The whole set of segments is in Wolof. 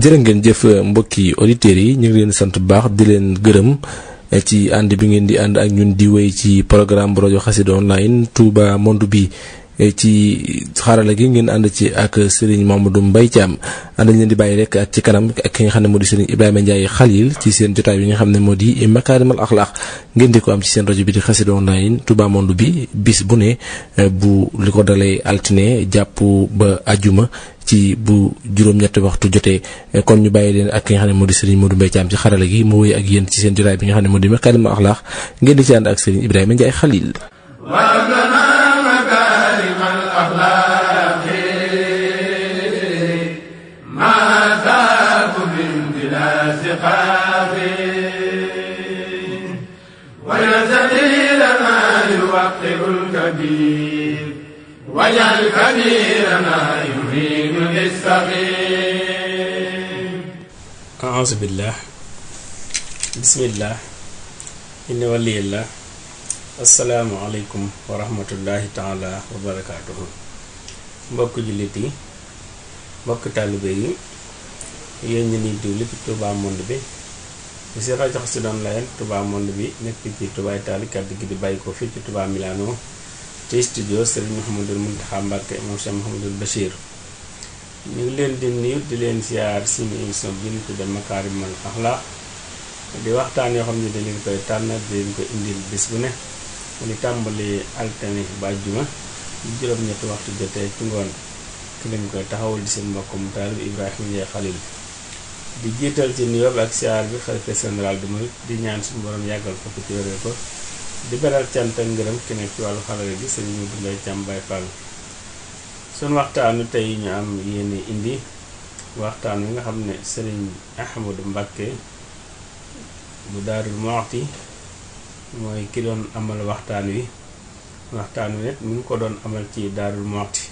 jërë ngeen jëf mbokki auditeurs yi ñu ngi leen sant bu baax di leen gërëm eh, ci ànd bi ngeen di ànd ak ñun di wey ci programme bu rajo xasida online Touba monde bi E, ci xarala gi ngeen ànd ci ak Serigne Mamadou Mbaye Thiam ànd leen di bàyyi rek ak ci kanam ak ki nga xam ne moo di Serigne Ibrahima Ndiaye Khalil ci seen jotaay bi nga xam ne moo di Makarimal Akhlaq ngeen di ko am ci seen rajo bi di Xassida Online Touba Monde bi bis bu ne e, bu li ko dalee altine jàpp ba ajuma ci bu juróom-ñetti waxtu jotee e, kon ñu bàyyi leen ak ki nga xam ne moo di Serigne Modou ci xarala gi mu ak yéen ci seen jotaay bi nga xam ne moo di Makarimal Akhlaq ngeen di ci ànd ak Serigne Ibrahima Ndiaye Khalil واجعل كثيرنا يريد للسقيم أعوذ بالله بسم الله إن ولي الله السلام عليكم ورحمة الله تعالى وبركاته mbokk jullit yi mbokk taalibe yi yéen ñi ni ci Touba monde bi di si rajo si doon layal Touba monde bi nekk ci Touba Italie kàddu gi bàyyi ko fii ci Touba Milano ci studio Serigne Mouhamadul Mountakha Mbacké moom Cheikh Mouhamadul Bachir ñu ngi leen di nuyu di leen siyaar suñu émission bi ñu tuddee Makarimal Akhlaq di waxtaan yoo xam ne dañ leen koy tànn di leen ko indil bis bu ne mu ngi tàmbali altine ba juma bu juróom-ñetti waxtu jotee ci ngoon ki leen koy taxawal di seen mbokkum taalib Ibrahima Ndiaye Khalil di jiital ci nuyoo ak siyaar bi xalifa général du Murid di ñaan su borom yàggal ko fi ci wéree ko di beral cant ak ngërëm ki ci wàllu xarala gi sëriñ Modou Mbaye Thiam Baye Fall suñ waxtaanu tey ñu am yéene indi waxtaan wi nga xam ne sëriñ Ahmadou Mbacké bu Daarul Muxti mooy ki doon amal waxtaan wi waxtaan wi nit mu ngi ko doon amal ci Daarul Muxti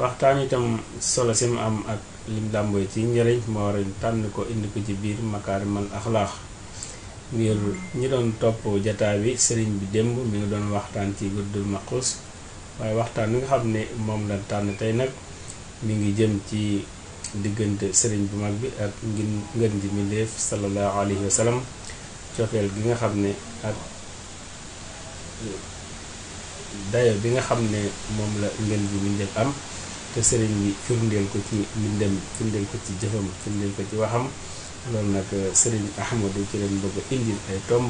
waxtaan itam solo si mu am ak lim làmbooy ci njëriñ moo war tànn ko indi ko ci biir makaarimal axlaax ngir ñi doon topp jataa bi sëriñ bi démb mi ngi doon waxtaan ci guddul maqus waaye waxtaan wi nga xam ne moom la tànn tey nag mi ngi jëm ci diggante sëriñ bu mag bi ak ngin ngën ji mindéef sallallahu alayhi wa sallam gi nga xam ne ak dayo bi nga xam ne moom la ngën ji mindéef am te sëriñ bi firndeel ko ci mbindam firndeel ko ci jëfam firndeel ko ci waxam loolu nag sëriñ Ahmadou ci leen bëgg indil ay tomb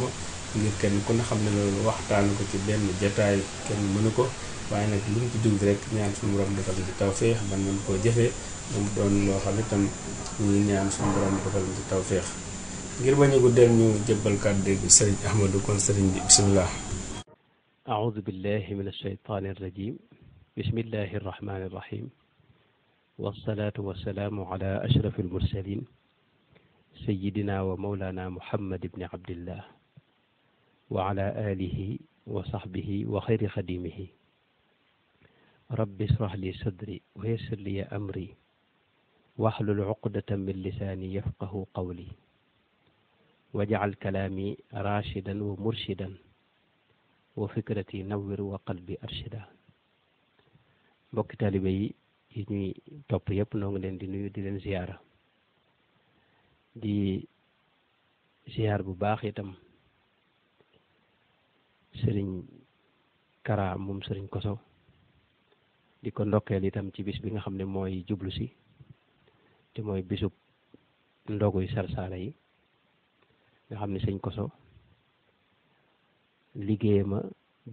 ngir kenn ku ne xam ne loolu waxtaan ko ci benn jataay kenn mënu ko waaye nag lu mu ci rek ñaan suñu di defal ci tawféex man mën koo jëfee mu doon loo xam itam ñuy ñaan suñu borom defal ci tawféex ngir bañ a guddeel ñu jëbbal kàddu gi sëriñ Ahmadou kon sëriñ bi bisimilah. أعوذ بالله من الشيطان الرجيم بسم الله الرحمن الرحيم والصلاة والسلام على أشرف المرسلين sayyidina wa mawlana muhammad ibni abdillah wa ala alihi wa sahbihi wa xayri xadimihi rabbi israh li sadri wa yassir li amri wahlul uqdatan min lisani yafqahu qawli wajcal kalaami rashidan wa murshidan wa fikrati nawwir wa qalbi arshida mbokki taalibe yi ñuy topp yëpp noo ngi leen di nuyu di leen ziyaara di ziar bu baax itam sëriñ kara moom sëriñ koso di ko ndokkeel itam ci bis bi nga xam ne mooy jublu si te mooy bisub ndoguy sarsaara yi nga xam ne sëñ koso liggéeyama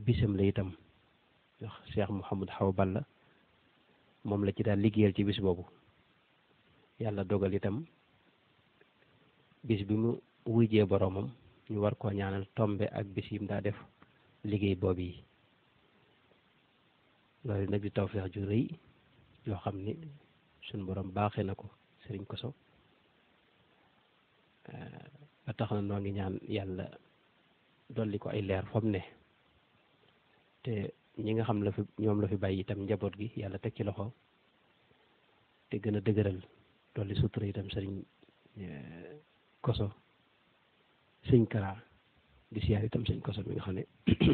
bisam la itam ndax Cheikh Mouhamad Xaw la moom la ci daal liggéeyal ci bis boobu yàlla dogal itam bis bi mu wujjee boroomam ñu war koo ñaanal tombe ak bis yim daa def liggéey boob yi loolu nag di tawfeex ju rëy yoo xam ni suñ borom baaxe na ko sëriñ Koso ba tax na noo ngi ñaan yàlla dolli ko ay leer fam ne te ñi nga xam la fi ñoom la fi bàyyi itam njaboot gi yàlla teg ci loxo te gën a dëgëral dolli sutura itam sëriñ eh, koso sëñ Kara di siyaar itam sëñ koso mi nga xam ne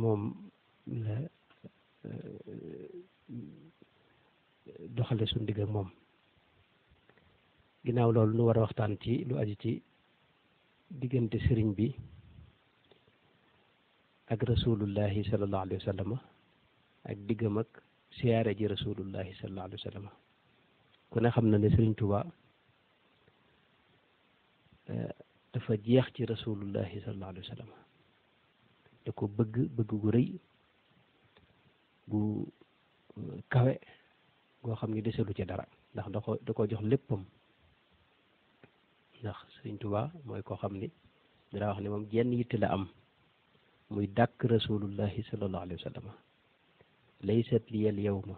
moom la euh, doxale suñu digg moom ginnaaw loolu nu war a waxtaan ci lu aju ci diggante sëriñ bi ak rasulullahi sallallahu alayhi wa sallam ak diggam ak siyaare ji rasulullahi sallallahu alayhi wa ku ne xam na ne sëriñ Tuubaa dafa jeex ci rasulullahi sallallahu alayhi wa sallam da ko bëgg bëgg gu rëy gu euh, kawe goo xam ne deselu ci dara ndax da ko da ko jox léppam ndax sëriñ Tuubaa mooy koo xam ni dinaa wax ne moom jenn yitte la am muy dàkk rasulullahi sallallahu alayhi wa sallam laysat liya al yawma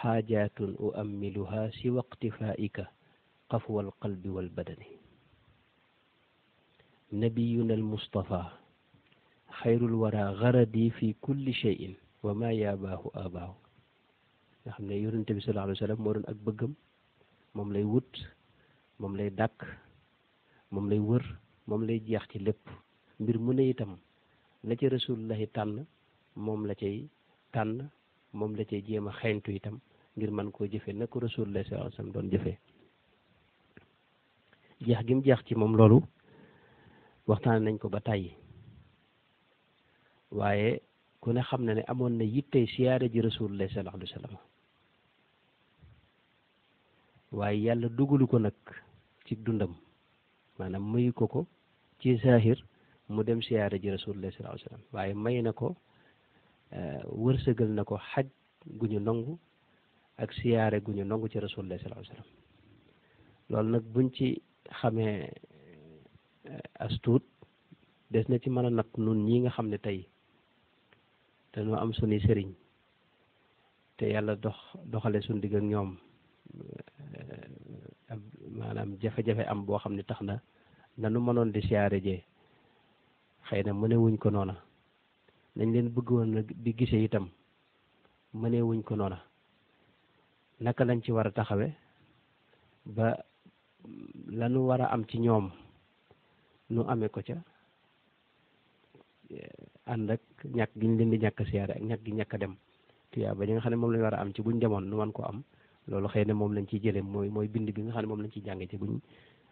xaajaatun uammiluha siwa iqtifaika qafwa al qalbi wal badani nabiyuna almustafa xayrul wara garadi fi kulli cheyin wa ma yaabaahu abaahu nga xam ne yonente bi sallallahu alayhi wa moo doon ak bëggam moom lay wut moom lay dàkk moom lay wër moom lay jeex ci lépp mbir mu ne itam la ca rasulullahi tànn moom la cay tànn moom la cay jéem a xeeñtu itam ngir man koo jëfee na ko rasulullahi sallallahu alayhi wa doon jëfee jeex gi jeex ci moom loolu waxtaan nañ ko ba tàyyi waaye ku ne xam na ne amoon na yittey siyaare ji rasulullah sallallahu alayhi wa sallam waaye yàlla dugalu ko nag ci dundam maanaam mayu ko ko ci zahir mu dem siyaare ji rasulullah sallallahu waaye may na ko eh, wërsëgal na ko xaj gu ñu nangu ak siyaare gu ñu nangu ci rasulullah sallallahu loolu nag buñ ci xamee Eh, astuut des na ci mën a natt nun ñi nga xam ne tey dañoo am sunuy sëriñ te yàlla dox doxale suñu digg ak ñoom eh, maanaam jafe-jafe am boo xam ne tax na nanu mënoon di siyaare jee xëy na mënewuñ ko noona nañ leen bëgg woon di gise itam mënewuñ ko noona naka lañ ci war a taxawe ba lanu war a am ci ñoom nu amee ko ca eh, ànd ak ñàkk gi ñu leen di ñàkk siyaare ak ñàkk gi ñàkk a dem tuyaaba ñi nga xam ne moom lañu war a am ci buñ demoon nu man ko am loolu xëy na moom lañ ciy jëlee mooy mooy bind bi nga xam ne moom lañ ciy jànge ci buñ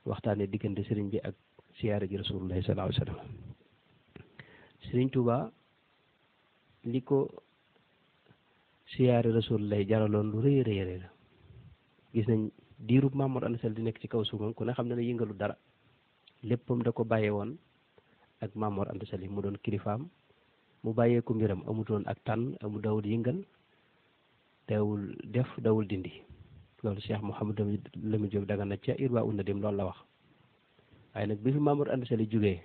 waxtaanee diggante sëriñ bi ak siyaare ji rasulullahi sallallahu alayhi wa sallam sëriñ Tuuba li ko siyaare rasulullahi jaraloon lu rëy rëy rëy la gis nañ diirub Mamour Anta Sall di nekk ci kaw suufam ku ne xam ne na yëngalu dara léppam da ko bàyyee woon ak Maamoor Anta mu doon kilifaam mu bàyyeeku mbiram amutoon ak tànn amu dawul yëngal dawul def dawul dindi loolu Cheikh Mouhamadou Lamine Diop Dagana ca Irwa una dim la wax nag bi fi Maamoor jógee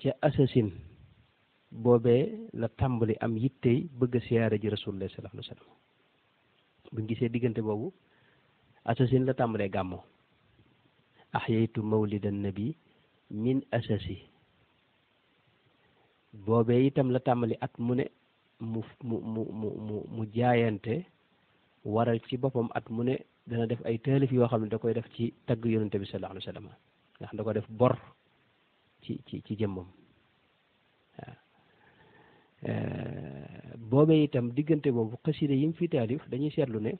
ca assasine boobee la tàmbali am yittey bëgg a siyaare ji rasulullah sallallahu bu ñu gisee diggante boobu assasine la tàmbalee gàmmoo axyaytu mawlida nabi min asasi boobee itam la tàmbali at mu ne mu mu mu mu mu mu jaayante waral ci boppam at mu ne dana def ay taalif yoo xam ne da koy def ci tagg yonente bi sallallahu alayhi wa sallam ndax da ko def bor ci ci ci jëmmam waaw eh, boobee itam diggante boobu xasida yi mu fi taalif dañuy seetlu ne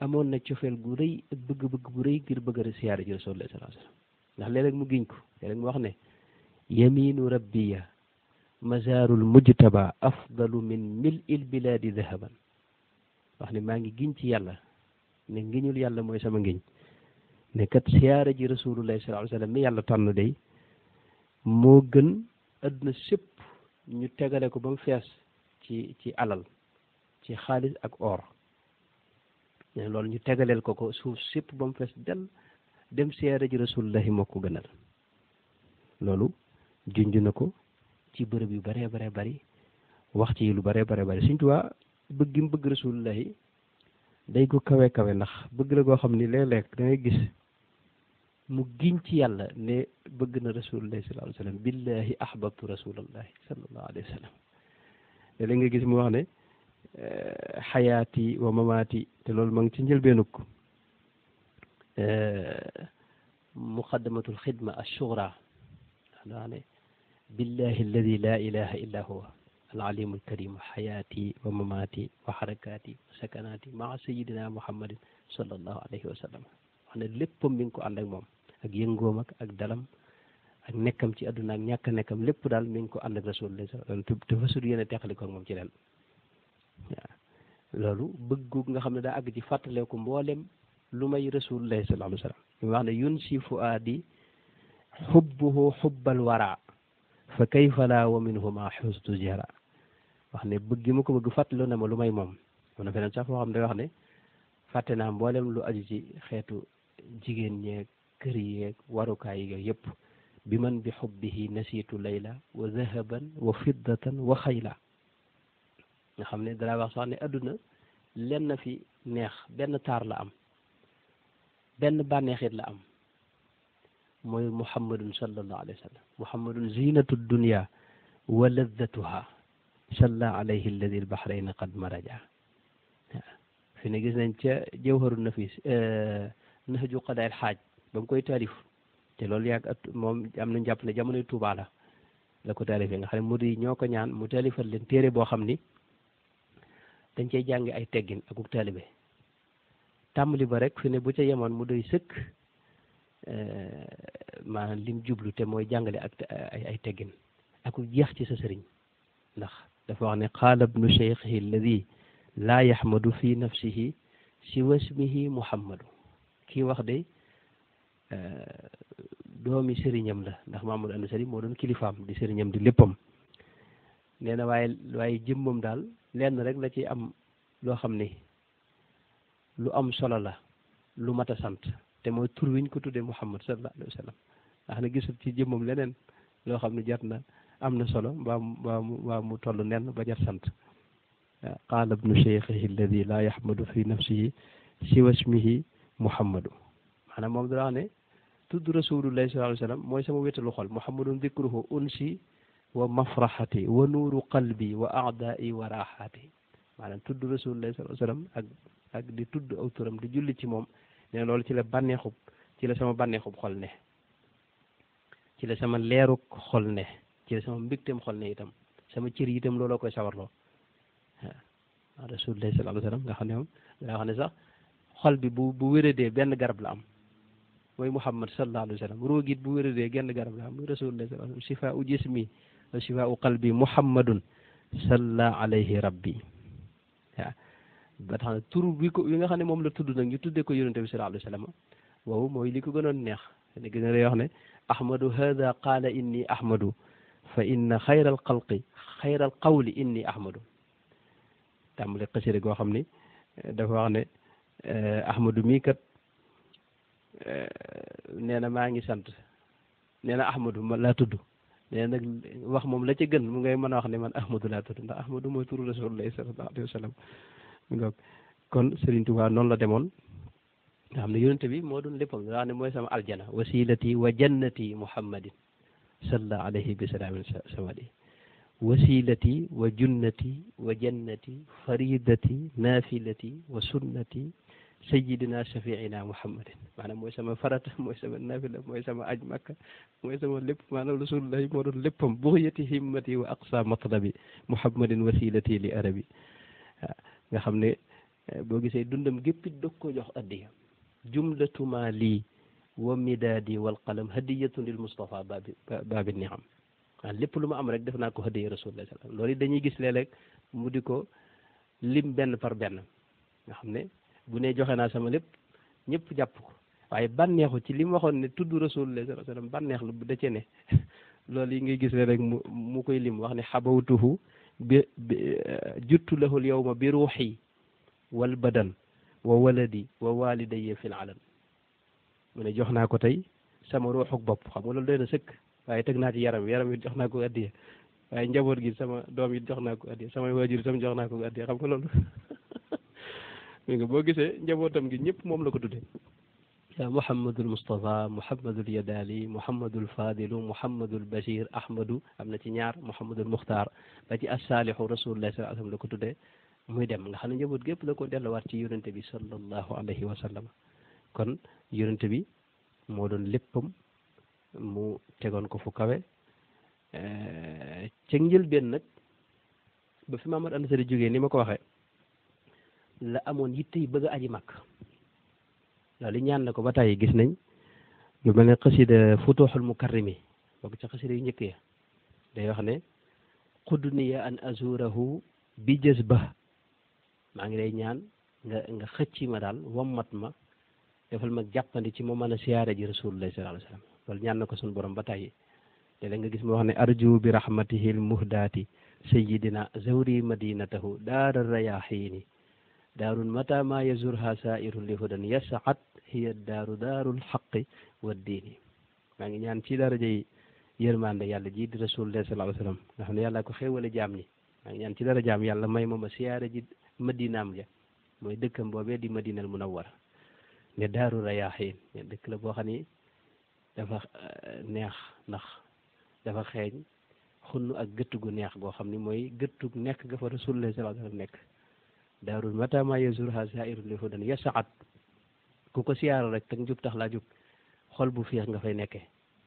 amoon na cofeel gu rëy ak bëgg-bëgg bu rëy ngir bëgg a siyaare ji rasulullah sallallahu ndax léeg-léeg mu giñ ko léeg-léeg mu wax ne yaminu rabbiya mazarul mujtaba afdalu min mil il biladi dahaban wax ne maa ngi giñ ci yàlla ne ngiñul yàlla mooy sama ngiñ ne kat siyaare ji rasulullah sallallahu alayhi mi yàlla tànn day moo gën adduna sépp ñu tegale ko ba mu fees ci ci alal ci xaalis ak or ne loolu ñu tegaleel ko ko suuf sépp ba mu fees del dem siyaare ji rasulullahi moo ko gënal loolu junj na ko ci bërëb yu baree bare bari wax ci lu bare bare bari Sëñ Tuubaa bëgg mu bëgg rasulullahi day ko kawe kawe ndax bëgg la goo xam ni léeg lekk da gis mu giñ ci yàlla ne bëgg na rasulullahi sallallahu alayhi wa sallam billahi ahbabtu rasulullahi sa alayhi wa sallam léeg-léeg gis mu wax ne xayaati eh, wa mamaati te loolu ma ngi ci njëlbeenug eh, muqaddamatul xidma assugra daa ne billahi alladi la ilaha illa huwa العليم الكريم حياتي ومماتي وحركاتي وسكناتي مع سيدنا محمد صلى الله عليه وسلم wax ne léppam mi ngi ko ànd ak moom ak yëngoom ak ak dalam ak nekkam ci àdduna ak ñàkk nekkam lépp daal mi ngi ko ànd ak rasul te fa sur yéene teqali ko ak moom ci leen loolu bëggu nga xam ne daa àgg ci fàttaleeku mboolem lu may rasulullahi sallallahu alayhi wa wax ne yun si fuaadi xubbuhu xubbal wara fa kayfa wa minhuma xustu jara wax ne bëgg gi ma ko bëgg fàttaloo na ma lu may moom am na feneen sax foo xam ne wax ne fàtte naa mboolem lu aju ci xeetu jigéen ñeeg kër yeeg warukaay yeeg yëpp bi man bi xubbihi nasiitu layla wa zahaban wa fiddatan wa xayla nga xam ne danaa wax sax ne adduna lenn na fi neex benn taar la am benn bànneexit la am mooy mu sallallahu alayhi wa sallam muhammadun zinatu dunia wa laddatuha salla alayhi alladi albahrayna qad maraja fi ne gis nañ ca jawharu nafis eh, nahju qadail xaaj ba koy taalif te loolu yàgg at moom am nañu jàpp ne jamonoy Tuubaa la la ko taalifee nga xam ne murid ñoo ko ñaan mu taalifal leen téere boo xam ni dañ cey jàngi ay teggin akuk taalibe tàmbali ba rek fi ne bu ca yemoon mu doy sëkk eh, maanaam lim jublu te mooy jàngale ak ay ay teggin aku jeex ci sa sëriñ ndax dafa wax ne qaala ibnu cheikhihi alladi laa yaxmadu fi nafsihi siwa ismihi muhammadu kii wax de eh, doomi sëriñam la ndax Mamadou Anta Sali moo doon kilifaam di sëriñam di léppam nee waaye waaye jëmmam daal lenn rek la ci am loo xam ni lu am solo la lu mat a sant te mooy tur wiñ ko tuddee Muhammad sallallahu alayhi wa sallam ndax na gisul ci jëmmam leneen loo xam ne jar na am na solo mbaa mu mbaa mu toll nen ba jar sant qaala ibnu cheikhihi alladi laa yaxmadu fi nafsihi siwa ismihi muhammadu maanaam moom dara wax ne tudd rasulullahi sallallahu alayhi wa sallam mooy sama wétalu xol muhammadun dikruhu unsi wa mafraxati wa nuuru qalbi wa aadaai wa raaxati maanaam tudd rasulullah sallallahu alayhi ak ak di tudd aw turam di julli ci moom ne loolu ci la bànneexub ci la sama bànneexub xol ne ci la sama leerug xol ne ci la sama mbigteem xol ne itam sama cër yi itam looloo koy sawarloo waaw rasulullah sallallahu alayhi nga xam ne moom danaa wax xol bi bu bu dee benn garab la am mooy muhammad sallallahu alayhi wa sallam roogit bu wéradee genn garab la am muy jismi wa shifaau qalbi muhammadun salla alayhi rabbi waaw ba tax na tur bi ko yi nga xam ne moom la tudd nag ñu tuddee ko yonente bi sallallahu alayhi la sallam woowu mooy li ko gënoon neex li gën a lay wax ne ahmadu hada qaala inni ahmadu fa inna xayral xalqi xayral qawli inni goo xam ni dafa wax ne eh, ahmadu mii kat eh, nee na maa ngi sant nee na ahmadu ma laa tudd nee nag wax moom la ci gën mu ngay mën a wax ne man ahmadu laa tudd ndax ahmadu mooy turu rasulullahi sallallahu alayhi wa sallam donc kon Serigne Touba noonu la demoon nga xam ne yonente bi moo doon léppam nga xam ne mooy sama aljana wasilati wa jannati muhammadin salla alayhi bi salaamin samadi wasilati wa junnati wa jannati faridati nafilati wa sayyidina shafiina muhammadin maanaam mooy sama farata mooy sama nafila mooy sama aj makka mooy sama lépp maanaam rasulullahi moo doon léppam buxyati himmati wa aqsa matlabi muhammadin wasilati li arabi nga xam ne eh, boo gisee dundam géppit dog ko jox addiya jumlatuma lii wa midaadi wal qalam hadiyatun lil mustafa baabi baabi niam waaw lépp lu ma am rek def naa ko hadiya rasulullah sallam loolu dañuy gis léeg-léeg mu di ko lim benn par benn bu ne joxee naa sama lépp ñëpp jàpp ko waaye bànneexu ci li mu waxoon ne tudd rasulullah sallallahu banneex wasallam bànneex lu da ce ne loolu yi ngay gis rek mu mu koy lim wax ne xabawtuhu bi juttu lahul yawma bi ruuxi wal badan wa waladi wa walidayya fil alam mu ne jox naa ko tey sama ruuxuk bopp xam nga loolu doy na sëkk waaye teg naa ci yaram yaram it jox naa ko addiya waaye njaboot gi sama doom yi jox naa ko addiya samay waajur itam jox naa ko addiya xam nga loolu dégg nga boo gisee njabootam gi ñëpp moom la ko tuddee yaa Mouhamadul Moustapha Mouhamadul Yadali Mouhamadul Fadilu Mouhamadul Bachir Ahmadu am na ci ñaar Mouhamadul Muxtaar ba ci assaalihu rasulullah sallallahu alayhi wa sallam la ko tuddee muy dem nga xam ne njaboot gépp la ko delluwaat ci yonente bi sallallahu alayhi wa sallam kon yonente bi moo doon léppam mu tegoon ko fu kawe eh, ca njëlbeen nag ba fi Maamad Anta Sali ni ma ko waxee la amoon yitte yi bëgg aji màkk loolu ñaan na ko ba tàyyi gis nañ lu mel ne xasida futuxul mukarrimi bokk ci xasida yu njëkk ya day wax ne qudniya an azurahu bi jës ba maa ngi lay ñaan nga nga xëcc ma daal wammat ma defal ma jàppandi ci moo mën a siyaare ji rasulullah sallallahu alayhi wa loolu ñaan na ko suñu borom ba tàyyi léeg-léeg nga gis mu wax ne arju bi rahmatihi al muhdaati sayyidina zawri madinatahu daara rayaxiini daarun mata ma yazurha sairun li hudan yasaat hiya daaru daarul xaq wa diini maa ngi ñaan ci daraja yi yërmande yàlla ji di rasulullah sallallahu alayhi wasallam nga xam ne yàlla ko xéewale jaam ñi maa ngi ñaan ci dara jaam yàlla may ma ma siyaare ji madinaam ja mooy dëkkam boobee di madinal munawwara ne daaru rayaaxiin ne dëkk la boo xam ni dafa euh, neex ndax dafa xeeñ xunn ak gëtt gu neex goo xam ni mooy gëttug nekk ga fa rasulullah sallallahu alayhi nekk daarul mata ma yazurha sairul hudan yasaat ku ko siyaara rek tak njub tax laa jub xol bu feex nga fay nekke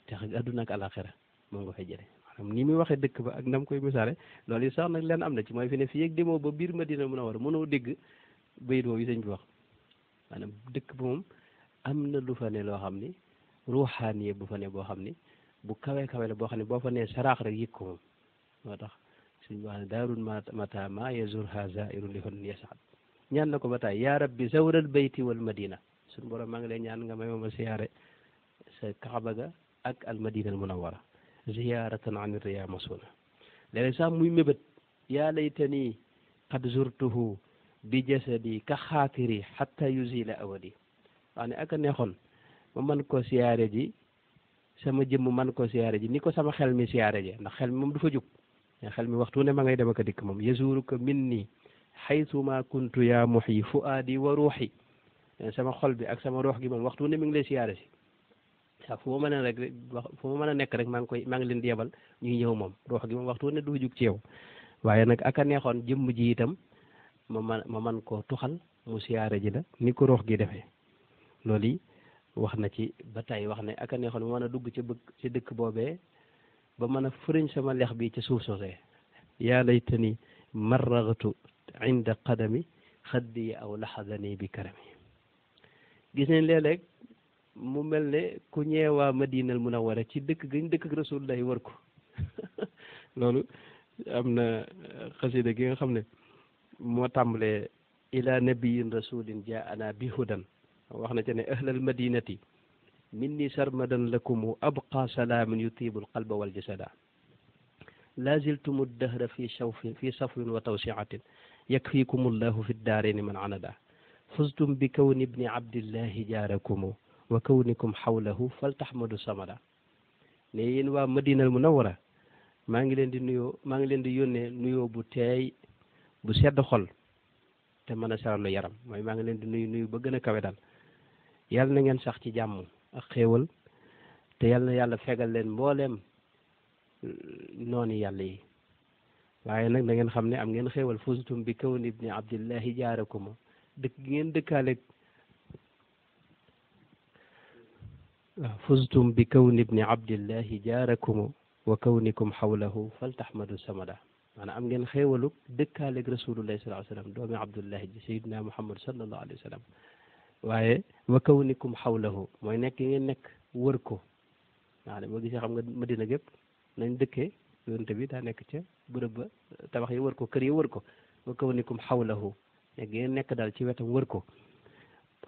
te adduna ak alaxira moom nga fay jële maanaam ni muy waxee dëkk ba ak nam koy misaale loolu yi sax nag leen am na ci mooy fi ne fii ak demoo ba biir ma Madina mun a war mënoo dégg bayit woowu sëñ bi wax maanaam dëkk ba moom am na lu fa ne loo xam ni ruuxaaniye bu fa ne boo xam ni bu kawe kawe la boo xam ne boo fa nee saraax rek yëg ko suñu wax ne daarul matama yazurha zairun li hon yasaad ñaan na ko ba taay yaa rabbi zawral bayti wal madina suñu borom maa ngi lay ñaan nga may ma siyaare sa kaaba ga ak al madina al munawwara ziyaratan an riya masuna léeg-léeg sax muy mébét yaa laytani qad zurtuhu bi jasadi ka xaatiri xatta yuzila awadi wax ne ak a neexoon ma man ko siyaare ji sama jëmm man ko siyaare ji ni ko sama xel mi siyaare ji ndax xel mi moom du fa jug xel mi waxtu ne ma ngay dem ak a dikk moom yazuruka minni xaytuma kuntu yaa fu fuaadi wa ruuxi eh, sama xol bi ak sama ruux gi moom waxtu ne mi ngi lay siyaare si waaw fu ma mën a rek wax fu mën a nekk rek maa ngi koy maa ngi leen di yebal ñëw moom ruux gi moom waxtu ne du jug ci waaye nag ak a neexoon jëmm ji itam ma man ma man koo tuxal mu siyaare ji la ni ko ruux gi defee loolu wax na ci ba tey wax ne ak a neexoon ma mën a dugg ci bëgg ci dëkk boobee ba mën a fëriñ sama lex bi ci suuf soosee yaa laytani marraghtu inda qadami xaddi aw laxadani bi karami gis neen léeg-léeg mu mel ne ku ñeewaa madinal munawara ci dëkk gañ dëkk rasulullahi war ko loolu am na xasida gi nga xam ne moo tàmbalee ila nabiyin rasulin jaa ana bi hudan wax na ca ne ahlal madinati minni sarmadan lakum abqa salaamin yutibu alqalba waljasada laa ziltum addahra fi shawfin fi safwin wa tawsiatin yakfikum allahu fi ddaareni man anada fuztum bi kawni ibni abdillahi jaarakum wa kawnikum xawlahu faltaxmadu samada ne yéen waa madinal munawara maa ngi leen di nuyoo maa ngi leen di yónnee nuyoo bu teey bu sedd xol te mën a saralu yaram mooy maa ngi leen di nuyu nuyu ba gën a kawe daal yàlla na ngeen sax ci jàmm ak xéewal te yal na yàlla fegal leen mbooleem mm, noonu yàlla yi waaye nag da ngeen xam ne am ngeen xéewal fustum bi kawni ibni abdillahi jaarakuma dëkk gi ngeen dëkkaaleeg waaw fustum bi kawni ibni abdillahi jaarakuma wa kawnikum xawlahu faltaxmadu samada maanaam am ngeen xéewalu dëkkaaleeg rasulullahi sallallahu alayhi wa sallam doomi abdullahi ji sayidina muhammad sallallahu alayhi wa sallam waaye wa kawnikum xawlahu mooy nekk yi ngeen nekk wër ko waaw moo gisee xam nga madina gépp nañ dëkkee yonent bi daa nekk ca bërëb ba tabax yi wër ko kër yi wër ko wa kawnikum xawlahu nekk ngeen nekk daal ci wetam wër ko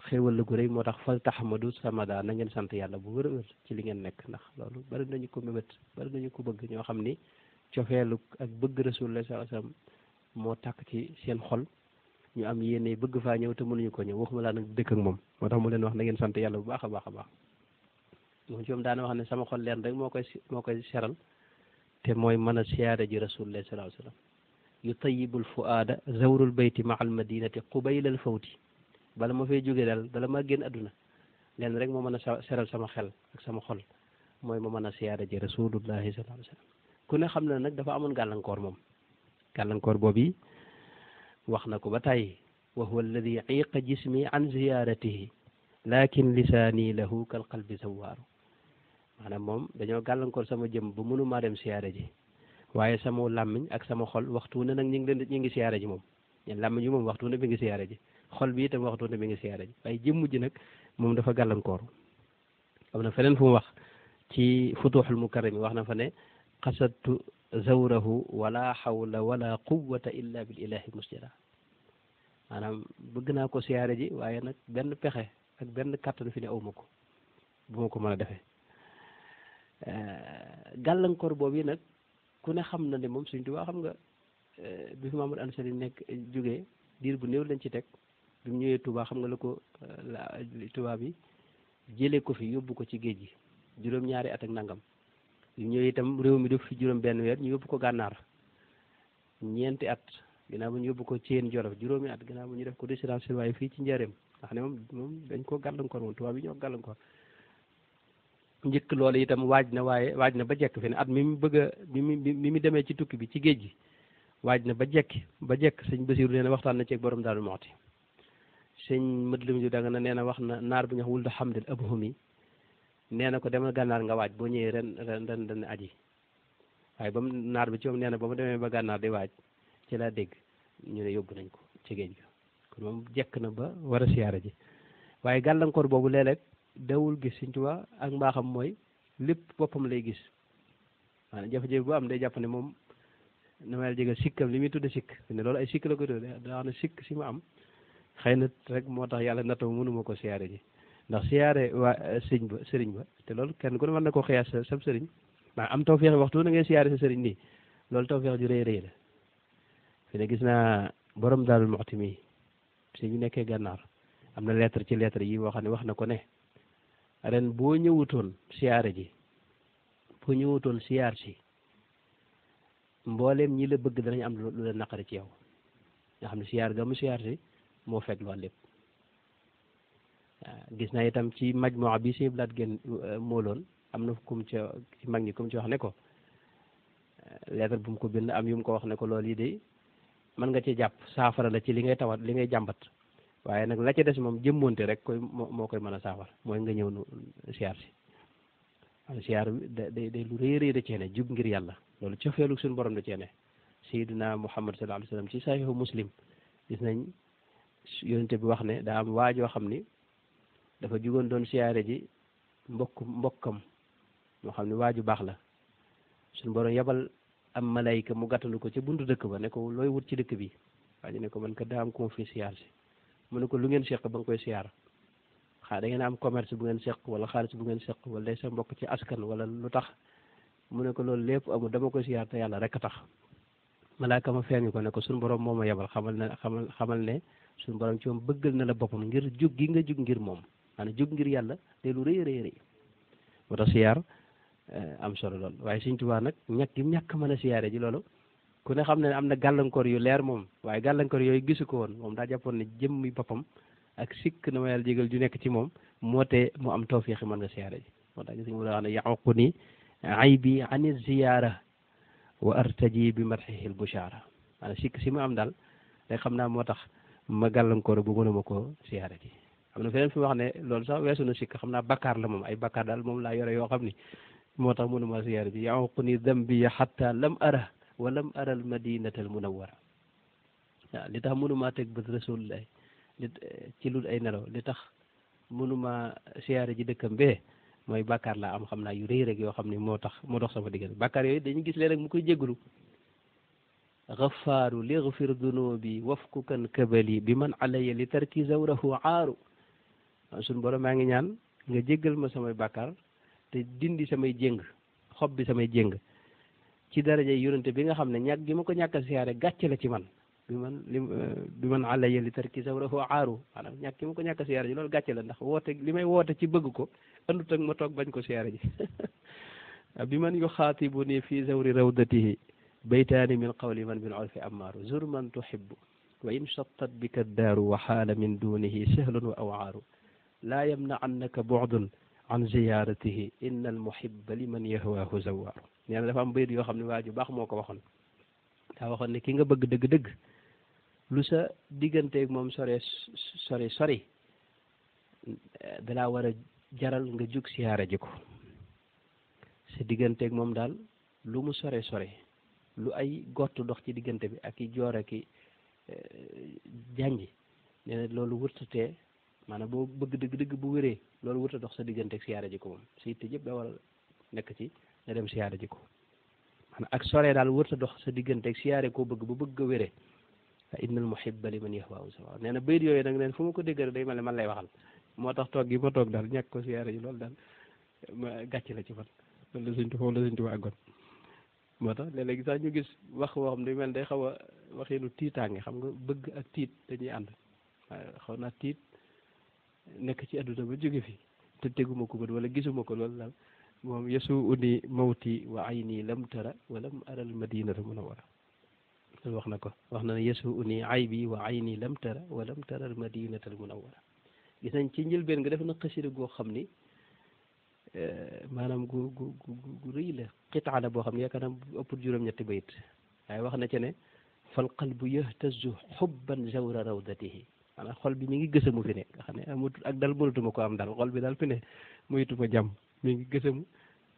xéewal la gu rëy moo tax fal taxamadu samada na ngeen sant yàlla bu wër wër ci li ngeen nekk ndax loolu bari nañu ko mébét bari nañu ko bëgg ñoo xam ni cofeelu ak bëgg rasulullah sallallahu alayhi wasallam moo tàkk ci seen xol ñu am yéene bëgg faa ñëw te mënuñu ko ñëw wax ma laa nag dëkk ak moom moo tax mu leen wax na ngeen sant yàlla bu baax a baax a baax moom ci wax ne sama xol leen rek moo koy moo koy seral te mooy mën a siyaare ji rasulullah sallallahu alayhi wa sallam yu tayibul fuaada zawrul bayti ma al madinati qubaylal fawti bala ma fay jóge daal bala maa génn adduna rek moo mën a seral sama xel sama xol mooy ma mën a siyaare ji rasulullah sallallahu alayhi wa sallam ku ne xam na nag dafa amoon gàllankoor moom gàllankoor yi wax na ko ba tàyyi wa huwa alladi iqa jismi an ziyaaratihi lakin lisaani lahu kal qalbi zawaaru maanaam moom dañoo gàllankoor sama jëm ba maa dem siyaare ji waaye sama làmmiñ ak sama xol waxtu ne nag ñi ngi leen ñu ngi siyaare ji moom làmmiñ bi moom waxtu ne bi ngi siyaare ji xol bi itam waxtu ne mi ngi siyaare ji waaye jëmm ji nag moom dafa gàllankoor am na feneen fu mu wax ci futuuxul mukarrami wax na fa ne qasadtu zawrahu wala hawla wala quwwata illa bil ilahi musjida maanaam bëgg naa ko siyaare ji waaye nag benn pexe ak benn kàttanu fi ne awma ko bu ma ko mën a defee eh, gàllankoor boobu yi nag ku ne xam na ne moom Sëriñ Tuubaa xam nga eh, bi fi Mamadou Anta Sali nekk jóge diir bu néew lañ ci teg bi mu ñëwee Tuubaa xam nga la ko eh, tubaab yi jële ko fi yóbbu ko ci géej gi juróom-ñaari at ak nangam ñëwee tam réew mi def fi juróom benn weer ñu yóbbu ko gànnaar ñeenti at ginnaaw bu ñu yóbbu ko Thiène Jolof juróomi at ginnaaw bu ñu def ko résidence surveillée fii ci njëriñ ndax ne moom moom dañ koo gàllankoor moom tubaab ñoo gàllankoor njëkk loolu itam waaj na waaye waaj na ba jekk fi at mi mu bëgg a mi mi mu demee ci tukki bi ci géej gi waaj na ba jekki ba jekk sëñ Basiru nee na waxtaan na ci borom daal mooti sëñ Madlim ju da nga nee na wax na naar bi nga xam wul da Hamdul Abhumi nee na ko demal gànnaar nga waaj boo ñëwee ren ren ren ren aji waaye ba mu naar bi ci moom nee na ba mu demee ba gànnaar di waaj ci laa dégg ñu ne yóbbu nañ ko ci géej gi kon moom jekk na ba war a siyaara ji waaye gàllankoor boobu léeg-léeg dawul gis Sëñ Tuubaa ak mbaaxam mooy lépp boppam lay gis maanaam jafe-jafe bu jàpp ne moom na ma jégal li muy tudde sikk ne loolu ay sikk la ko tudde daa ne sikk si ma am xëy na rek moo tax yàlla nattoo mënuma ko siyaare ji ndax siyaare waa eh, sëñ ba sëriñ ba te loolu kenn ku ne mën na koo xiyaas sa sam sëriñ maa am tawféex waxtu na ngay siyaare sa sëriñ nii loolu tawféex ju rëy rëy la fi ne gis naa borom Daaru Muxti mi si ñu nekkee gànnaar am na lettre ci lettre yi boo xam ne wax na ko ne ren boo ñëwutoon siyaare ji boo ñëwutoon siyaar si mbooleem ñii la bëgg danañ am lu la naqari ci yow nga xam ne siyaar ga mu siyaar si moo fekk loolu lépp gis na itam ci majmuwa bi sëñ Blaat Guèye mooloon am na kum ca ci mag ñi kum ci wax ne ko euh, lettre bu mu ko bind am yu mu ko wax ne ko lool yi de mën nga ci jàpp saafara la ci li ngay tawat li ngay jàmbat waaye nag la ci des moom jëmmoonte rek koy moo koy mën a saafar mooy nga ñëw nu siyaar si waaye siyaar bi da day lu rëy rëy da cee jub ngir yàlla loolu cofeelu suñu borom da cee ne sayyidina Muhammad sallallahu alayhi wa sallam sahihu muslim gis nañ yonente bi wax ne daa am waajoo dafa jugoon doon siyaare ji mbokk mbokkam moo xam ne waaju baax la suñ borom yabal am malayka mu gàttalu ko ci buntu dëkk ba ne looy wut ci dëkk bi waa ji ne ko man kat daa am ko ma fi siyaar si mu ne ko lu ngeen seq ba nga koy siyaar xaa da ngeen am commerce bu ngeen seq wala xaalis bu ngeen seq wala day sa mbokk ci askan wala lu tax mu ne ko loolu lépp amul dama koy siyaar te yàlla rek a tax malaaka ma feeñu ko ne ko suñu borom moo ma yabal xamal ne xamal xamal ne suñu borom ci moom na la boppam ngir jug gi nga jug ngir moom maanaam jóg ngir yàlla te lu rëy rëy rëy siyaar eh, am solo lool waaye Sëñ Tuubaa nag ñàkk gi ñàkk mën a siyaare ji loolu ku ne xam ne am na gàllankoor yu leer moom waaye gàllankoor yooyu gisu ko woon moom daa jàppoon ne jëmmi boppam ak sikk na ma yàlla jégal ju nekk ci moom moo tee mu am tawfiix mën nga siyaare ji moo tax gis nga bi marxihi si ma am daal rek xam naa moo tax ma gàllankoor bu mënuma koo siyaare ji am na feneen fi wax ne loolu sax na sikk xam naa bakkaar la moom ay bakkaar yore yoo xam ni moo tax mënuma siyaar bi yàqu ni dambi xatta lam ara wa lam ara al madinata al munawwara waaw li tax mënuma teg bët rasulullah ci lu ay nelaw li tax mënuma siyaare ji dëkkam bee mooy bakkaar laa am xam naa yu yoo xam ni moo tax moo dox sama diggante bakkaar yooyu dañuy gis léeg mu koy jégalu xafaaru li xafir dunubi wafkukan kabali bi man alaya li tarki zawrahu aaru suñu borom maa ngi ñaan nga jéggal ma samay bàkkaar te dindi samay jéng xob bi samay jéng ci daraja yonente bi nga xam ne ñàkk gi ma ko ñàkk a siyaare gàcce la ci man bi man li euh, bi man àlla yëli tarki sawrahu aaru maanaam ñàkk gi ma ko ñàkk a siyaare ji loolu la ndax woote li may woote ci bëgg ko andut ak ma toog bañ ko siyaare ji bi man yu xaatibu ni fii zawri rawdatihi baytaani min qawli man bin olfi amaaru zur man tuhibbu wa in chattat bika ddaaru wa xaala min dunihi sahlun wa awaaru laa yamna'annaka bu'dun an ziyaaratihi inna al muhibba liman yahwaahu zawwaar nee na dafa am bayit yoo xam ne waa ju baax moo ko waxoon waxoon ne ki nga bëgg dëgg-dëgg lu sa digganteeg moom sore sori sori dalaa war a jaral nga jug siyaara ko sa digganteeg moom daal lu sore sore lu ay gott dox ci diggante bi ak i joor ak i eh, jànji nee na loolu wërtatee maanaam boo bëgg dëgg dëgg bu wéree loolu wut a dox sa diggante ak siyaara ji ko moom sa yitte yëpp da war a nekk ci nga dem siyaara ji ko maanaam ak soree daal wut a dox sa diggante ak siyaare koo bëgg bu bëgg a wéree fa innal muhibba liman yahwaahu sawa nee na bayit yooyu nag neen fu ma ko dégg rek day mel ne man lay waxal moo tax toog gi ma toog daal ñàkk ko siyaara ji loolu daal ma gàcc la ci man loolu la suñ tu foofu la suñ tu àggoon moo tax léeg-léeg sax ñu gis wax woo xam day mel day xaw a waxiinu tiitaange xam nga bëgg ak tiit dañuy ànd waaw xaw naa nekk ci àdduna ba jóge fi te teguma ko bët wala gisuma ko loolu daal moom yesu uni mawti wa ayni lam tara walam aral madinata munawara loolu wax na ko wax na ne yesu uni aybi wa ayni lam tara walam tara al madinata al munawara gis nañ ci njëlbeen nga def na xasida goo xam ni eh, maanaam gu gu gu rëy boo xam ne yaakaar naa ëpp juróom-ñetti bayit waaye wax na ci ne fal qalbu yahtazu xubban rawdatihi xanaa xol bi mi ngi gësamu fi ne nga xam ne amatul ak dal mënatuma ko am dal xol bi daal fi ne muytuma jàmm mi ngi gësamu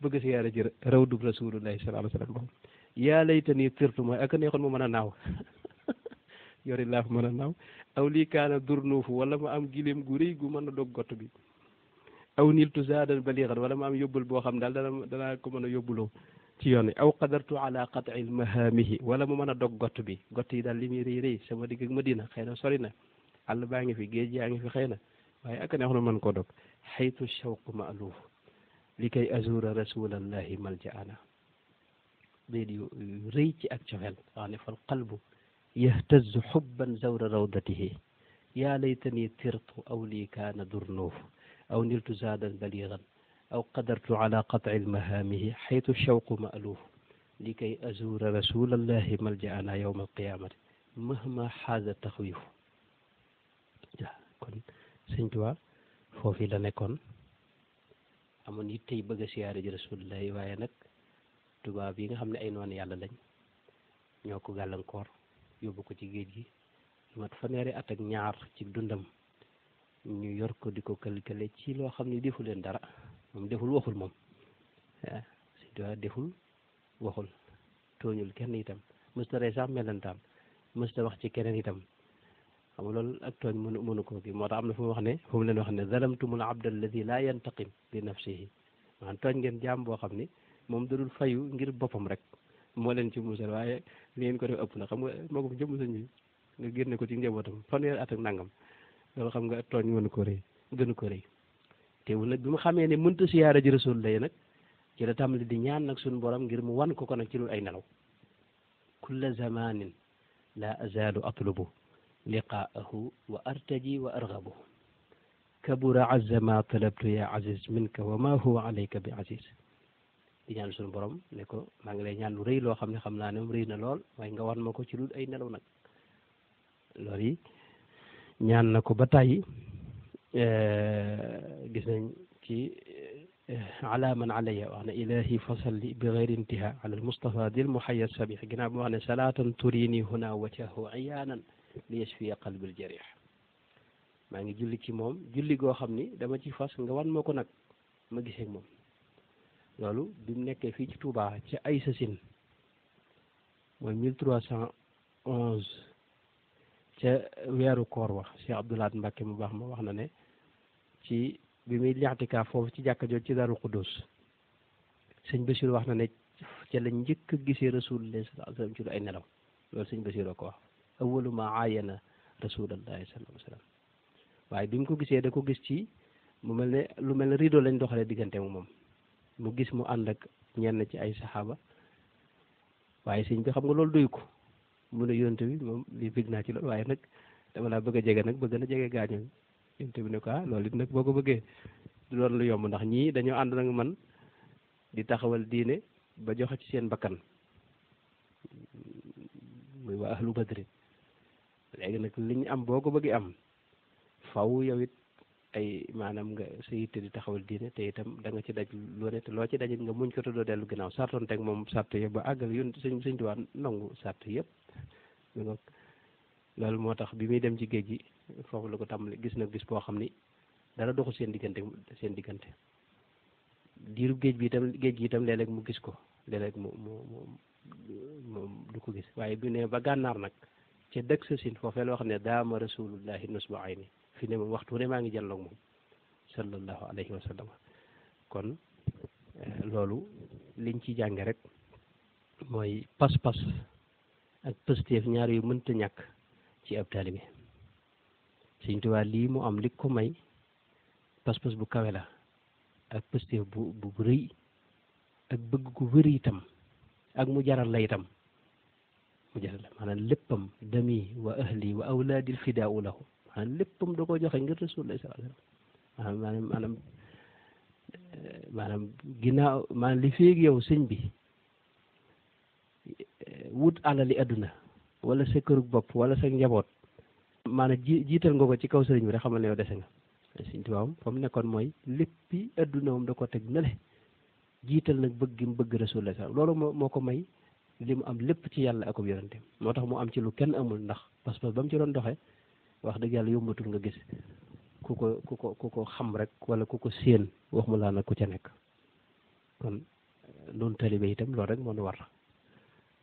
bëgg si yaara ji raw dub rasulullahi sallallahu alayhi wa sallam moom yaa laytani tirtu mooy ak neexoon ma mën a naaw yori laaf mën a naaw aw lii kaana durnuufu wala ma am gileem gu rëy gu mën a dog gott bi aw niltu zaadan baliixan wala ma am yóbbul boo xam daal dana danaa ko mën a yóbbuloo ci yoon wi aw qadartu ala qat'il mahaamihi wala ma mën a dog gott bi gott yi daal li muy rëy rëy sama digg ak xëy na sori na àll baa ngi fi géej yaa ngi fi xëy na waaye ak neex na mën ko dog xaytu shawq ma'luuf li kay azura rasulallahi maljaana bayt yu rëy ci ak cofeel wax ne fal qalbu yahtazu xubban zawra rawdatihi yaa laytani tirtu aw lii kaana durnuuf aw niltu zaadan baliigan aw qadartu ala qatci lmahaamihi xaytu shawqu ma'luuf li kay azura rasulallahi maljaana yowma alqiyaamati mahma xaaza taxwiif kon sëñ Tuubaa foofu la nekkoon amoon it tey bëgg a siyaare ji rasulullahi waaye nag tubaab yi nga xam ne ay noonu yàlla lañ ñoo ko gàllankoor yóbbu ko ci géej gi lu mat fanweeri at ak ñaar ci dundam ñu yor ko di ko kël-kële ci loo xam ne defu leen dara moom deful waxul moom waaw ah, sëñ Tuubaa deful waxul tooñul kenn itam mësta rey sax melentaan mësta wax ci keneen itam xam nga loolu ak tooñ mënu mënu kii moo tax am na fu mu wax ne fu mu leen wax ne zalamtumul abda alladi la yantaqim li nafsihi maanaam tooñ ngeen jaam boo xam ne moom dadul fayu ngir boppam rek moo leen ci musal waaye li ngeen ko def ëpp na xam nga moo ko jëmm nga génne ko ci njabootam fanweer at nangam loolu xam nga ak tooñ mënu ko rëy gënu ko rëy teewul nag bi mu xamee ne mënta siyaara ji rasul lay nag ci la tàmbali di ñaan nag suñu borom ngir mu wan ko ko nag ci lu ay nelaw kulla zamanin la azalu atlubu liqaahu wa artaji wa argabu kabura azza ma talabtu ya aziz minka wa ma huwa alayka bi aziz di ñaan suñu borom ne ko maa ngi lay ñaan lu rëy loo xam ne xam naa ne moom rëy na lool waaye nga wan ma ko ci lu ay nelaw nag loolu yi ñaan na ko ba tàyyi eh, gis nañ ci eh, ala man alayya wax ne ilahi fasalli bi gayri intiha ala almustafa dil muhayya sabih ginnaaw bi wax ne salatan turini huna wajhahu iyanan li yashfiya qalbal jarih maa ngi julli ci moom julli goo xam ni dama ci fas nga wan ma ko nag ma gisee moom loolu bi mu nekkee fii ci Touba ca ay sasin mooy mille trois cent onze ca weeru koor wax Cheikh Abdoulaat Mbacke mu baax ma wax na ne ci bi muy kaa foofu ci jàkka jooju ci Daaru Xuddoos sëñ Bachir wax na ne ca la njëkk gisee Rasulullah sallallahu alayhi ay nelaw loolu sëñ Bachir a ko wax awalu ma aayana rasulallahi sallallahu alayhi wa sallam waaye bi mu ko gisee da ko gis ci mu mel ne lu mel ne rido lañ doxalee diggante mu moom mu gis mu ànd ak ñenn ci ay saxaaba waaye sëñ bi xam nga loolu doy ko mu ne yonte bi moom lii bëgg naa ci loolu waaye nag dama laa bëgg a jege nag bëgg na jege gaañoo yonte bi ne ko ah loolu it nag boo ko bëggee du doon lu yomb ndax ñii dañoo ànd nag man di taxawal diine ba joxe ci seen bakkan muy waa lu badrin léegi nag li ñu am boo ko bëggee am faw yow it ay maanaam nga sa yitte di taxawal diine te itam da nga ci daj loo ne te loo ci dajit nga muñ ko tuddoo dellu ginnaaw sartoon teg moom sart yëpp ba àggal yun sëñ sëñ tuwaa nangu sart yëpp loolu moo tax bi muy dem ci géej gi foofu la ko tàmbali gis nag gis boo xam ni dara doxu seen diggante seen diggante diiru géej bi itam géej gi itam léeg mu gis ko léeg-léeg mu mu mu du ko gis waaye bi ne ba gànnaar nag ca dëkk sa sin foofee la wax ne daama rasulullahi nusba ayni fi ne mu waxtu ne maa ngi jàlloog moom sallallahu alayhi wa kon eh, loolu liñ ci jànge rek mooy pas-pas ak pësteef ñaar yu mënta ñàkk ci ab taalibe Sëñ lii mu am li ko may pas-pas bu kawe la ak pësteef bu bu rëy ak bëgg gu wér itam ak mu jaral la itam mu jaral maanaam léppam dami wa ahli wa awlaadi fidaau lahu maanaam léppam da koo joxe ngir rasulullah sallallahu alayhi wa sallam maanaam maanaam eh, maanaam ginnaaw li féeg yow sëñ bi eh, wut alali adduna wala sa kërug bopp wala sa njaboot maanaam ji jiital nga ko ci kaw sëriñ bi rek xamal ne yow dese nga sëñ tubaabam fa nekkoon mooy léppi adduna moom da ko teg nale jiital nag bëgg mu bëgg rasulullah sallallahu loolu moo ko may li mu am lépp ci yàlla akub yonente moo tax mu am ci lu kenn amul ndax parce que ba mu ci doon doxee wax dëgg yàlla yombatul nga gis ku ko ku ko ku ko xam rek wala ku ko séen wax mu laa nag ku ca nekk kon loolu euh, talibe itam loolu rek moo nu war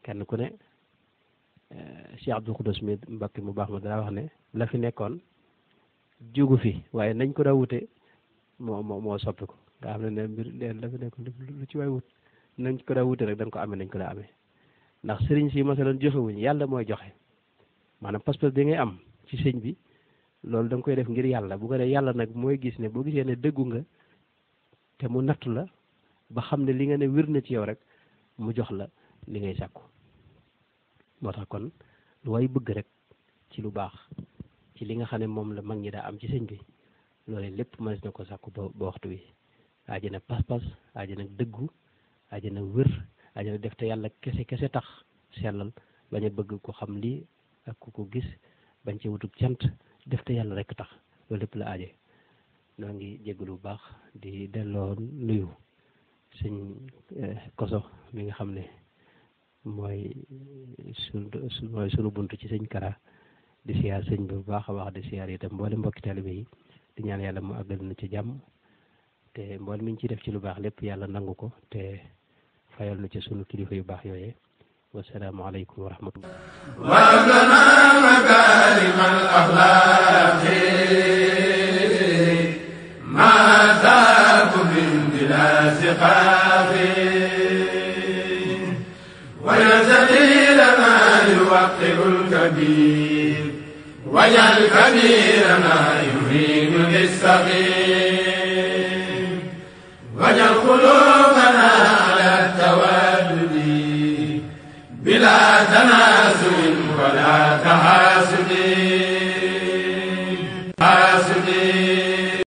kenn ku ne euh, Cheikh Abdou Khoudous mi Mbàkke mu baax ma daa wax ne la fi nekkoon jógu fi waaye nañ ko daa wute moo moo moo soppi ko nga am ne ne mbir leen la fi nekkoon lu ci waay wut nañ ko daa wute rek dañ ko amee nañ ko daa amee ndax sëriñ si masalan joxewuñ yàlla mooy joxe maanaam pas-pas bi ngay am ci sëñ bi loolu danga koy def ngir yàlla bu ko dee yàlla nag mooy gis ne boo gisee ne dëggu nga te mu nattu la ba xam ne li nga ne wér na ci yow rek mu jox la li ngay sàkku moo tax kon lu way bëgg rek ci lu baax ci li nga xam ne moom la mag ñi daa am ci sëñ bi loolee lépp mënees na ko sàkku ba ba waxtu wi aji na pas-pas aji na dëggu aji na wér añu def te yàlla kese kese tax sellal bañ bëgg ku xam lii ak ku ko gis bañ ci wutug cant def te yàlla rek tax loolu lépp la aaje noo ngi jégalu lu baax di delloo nuyu sëñ eh, koso mi nga xam ne mooy su mooy sunu bunt ci sëñ kara di siyaar sëñ bi bu baax a baax di siyaar itam mboole mbokki taalibe yi di ñaan yàlla mu àggal na ci jàmm te mboole mi ñu ciy def ci lu baax lépp yàlla nangu ko fayal na ci sunu kilifa yu baax yooyee wasalaamu aleykum wa rahmatullah wabdana makarim al axlaaqi ma zaaku min bila siqaafi wa ya zalilana yuwaqiru lkabir wajal kabirana yuridu lissagir تناسل ولا تحاسد